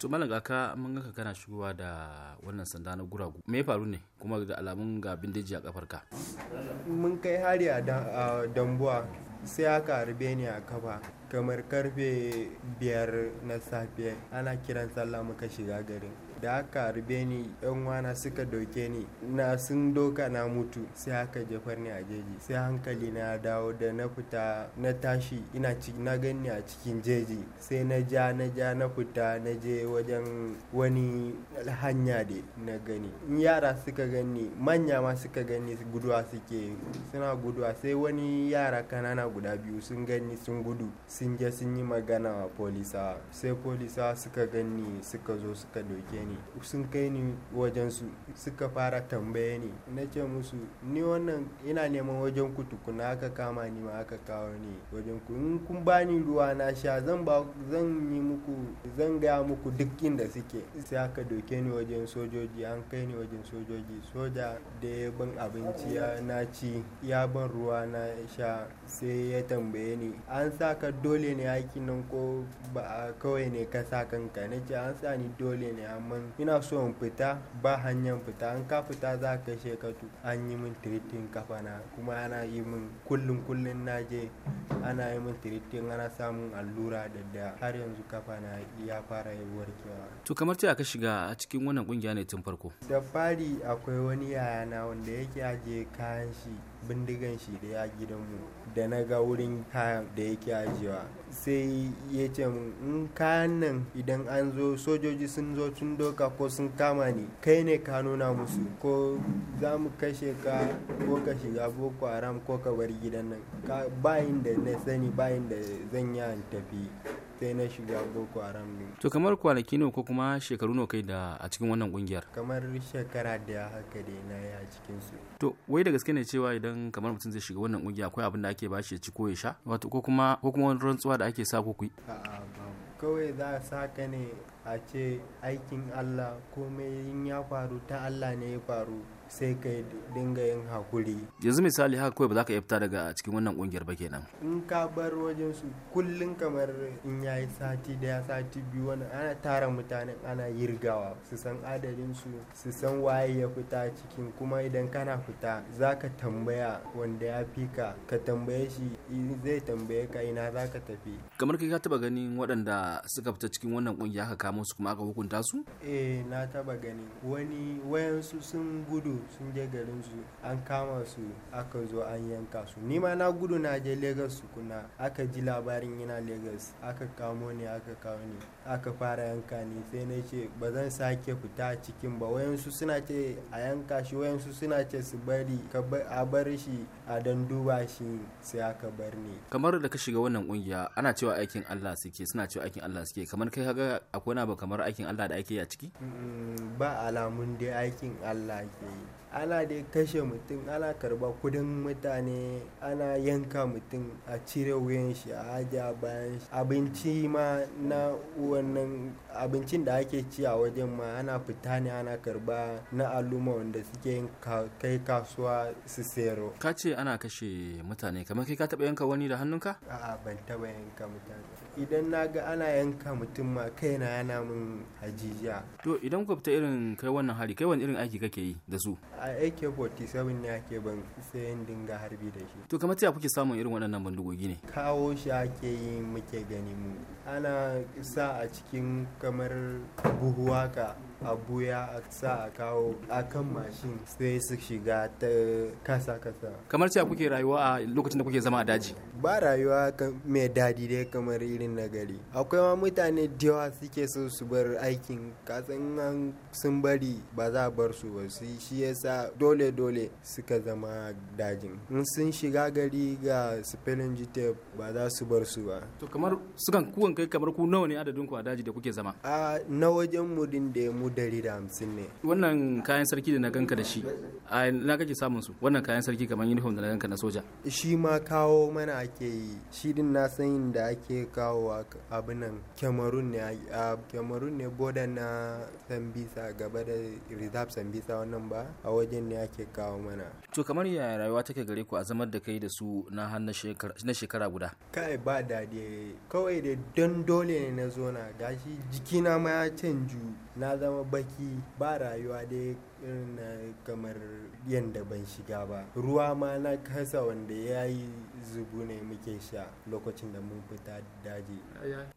to kaka mun ga kana shigowa da wannan sanda na guragu me ya faru ne kuma da alamun ga bindiji a kafarka mun kai hari a dambuwa sai aka harbe ni a kafa kamar karfe biyar na safe ana kiran sallah muka shiga garin da aka harbe ni yan wana suka doke ni na sun doka na mutu sai aka jefar ni a jeji sai hankali na dawo da na fita na tashi ina na gani a cikin jeji sai na ja na ja na fita na je wajen wani hanya da na gani yara suka gani manya ma suka gani guduwa suke suna guduwa sai wani yara kanana guda biyu sun gani sun gudu sun je sun yi magana wa polisa sai polisa suka gani suka zo suka doke ni sun kai ni wajensu suka fara tambaye ni na ce musu ni wannan ina neman wajen ku tukuna aka kama ni ma aka kawo ni wajen ku in kun bani ruwa na sha zan ba zan yi muku zan gaya muku duk inda suke sai aka doke ni wajen sojoji an kai ni wajen sojoji soja da ya ban abinci ya na ya ban ruwa na sha sai E, ya tambaye ni an sa ka dole ne aikin nan ko ba kawai ne ka sa kanka na ce an sa ni dole ne amma ina so in fita ba hanyar fita an ka fita za ka shekatu an yi min tiritin kafa na kuma ana yi min kullum kullum na je ana yi min tiritin ana samun allura da da har yanzu kafa na ya fara yi warkewa. to kamar ta ka shiga a cikin wannan kungiya ne tun farko. da fari akwai wani yaya na wanda yake aje kayan shi bindigan shi da ya gidanmu da na ga wurin kayan da yake ajiyewa sai ya ce in kayan nan idan an zo sojoji sun zo tun doka ko sun kama ni kai ne ka nuna musu ko za mu kashe ka ko ka shiga boko haram ko ka bar gidan nan bayin da na sani bayin da zan yi tafi sai na shiga boko haram ne to kamar kwanaki ne ko kuma shekaru nawa kai da a cikin wannan kungiyar kamar shekara da haka da na yi a cikin su to wai da gaske ne cewa idan kamar mutum zai shiga wannan kungiya akwai abin da ake bashi ya ci ko ya sha wato ko kuma ko kuma wani rantsuwa da ake sa ko ku a'a kawai za a sa ka ne a ce aikin Allah komai in ya faru ta Allah ne ya faru sai ka dinga yin hakuri yanzu misali haka kawai ba za ka iya fita daga cikin wannan kungiyar ba kenan in ka bar wajen su kullun kamar in ya yi sati daya sati biyu wani ana tara mutanen ana yirgawa su san adadin su su san waye ya fita cikin kuma idan kana fita za ka tambaya wanda ya fi ka ka tambaye shi zai tambaye ka ina za ka tafi kamar kai ka taba ganin waɗanda suka fita cikin wannan kungiya aka kamo su kuma aka hukunta su eh na taba gani wani wayansu sun gudu sun je garin su an kama su aka zo an yanka su ni ma na gudu na je Lagos kuna aka ji labarin yana Lagos aka kamo ni aka kawo ni aka fara yanka ni sai na ce ba zan sake fita cikin ba wayansu suna ce a yanka shi wayansu suna ce su bari a bar shi a dan duba shi sai aka bar ni kamar da ka shiga wannan kungiya ana cewa aikin Allah suke suna cewa aikin Allah suke kamar kai kaga akwai na ba kamar aikin Allah da ake yi a ciki mm, ba alamun dai aikin Allah ke yi ana da kashe mutum ana karba kudin mutane ana yanka mutum a cire wuyan shi a haja bayan shi abinci ma na wannan abincin da ake ci a wajen ma ana fita ne ana karba na al'umma wanda suke kai kasuwa su sayarwa ka ce ana kashe mutane kamar kai ka taba yanka wani da hannunka a'a ban taba yanka mutane idan na ga ana yanka mutum ma kaina yana min hajijiya to idan gwabta irin kai wannan hari kai wani irin aiki kake yi da su a ak-47 ne ake ban sai yin dinga harbi da shi to kamar ya kuke samun irin waɗannan bindigogi ne kawo shi ake yi muke gani mu ana sa a cikin kamar buhu haka a buya a sa a kawo a kan mashin sai su shiga ta kasa kasa kamar cewa kuke rayuwa a lokacin da kuke zama a daji ba rayuwa mai dadi dai kamar irin na gari akwai ma mutane da yawa suke so su bar aikin kasan sun bari ba za a bar su ba su shi yasa dole dole suka zama dajin in sun shiga gari ga spelling jite ba za su bar su ba to kamar sukan kuwan kai kamar ku nawa ne adadin ku a daji da kuke zama a na wajen mu din da mu dari ne wannan kayan sarki da na ganka da shi a na kake samun su wannan kayan sarki kamar uniform da na ganka na soja shi ma kawo mana ake yi shi din na da ake kawo abu nan kyamarun ne a kyamarun ne boda na sambisa gaba da reserve sambisa wannan ba a wajen ne ake kawo mana to kamar ya rayuwa take gare ku a zamar da kai da su na har shekara guda kai ba daɗi kawai da don dole ne na zo na gashi jikina ma ya canju na zama baki ba rayuwa dai na kamar yadda ban shiga ba ruwa ma na kasa wanda ya yi zubu ne muke sha lokacin da mun fita daji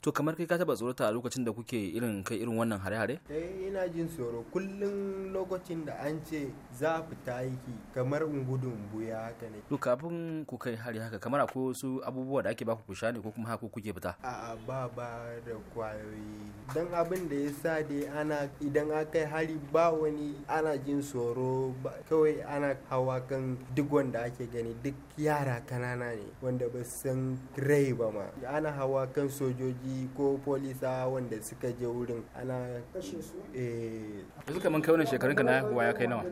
to kamar kai ka taba tsorata lokacin da kuke irin kai irin wannan hare-hare eh ina jin tsoro kullum lokacin da an ce za fita aiki kamar gudun buya haka ne to kafin ku kai hari haka kamar akwai wasu abubuwa da ake baku ku sha ne ko kuma haka kuke fita a'a ba ba da kwayoyi dan abin da ya sa dai ana idan aka kai hari ba wani ana ana jin tsoro kawai ana hawa kan duk wanda ake gani duk yara kanana ne wanda ba san rai ba ma ana hawa kan sojoji ko polisa wanda suka je wurin ana kashe su eh yanzu kaman kai wannan shekarun ka na haihuwa ya kai nawa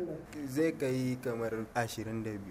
zai kai kamar 22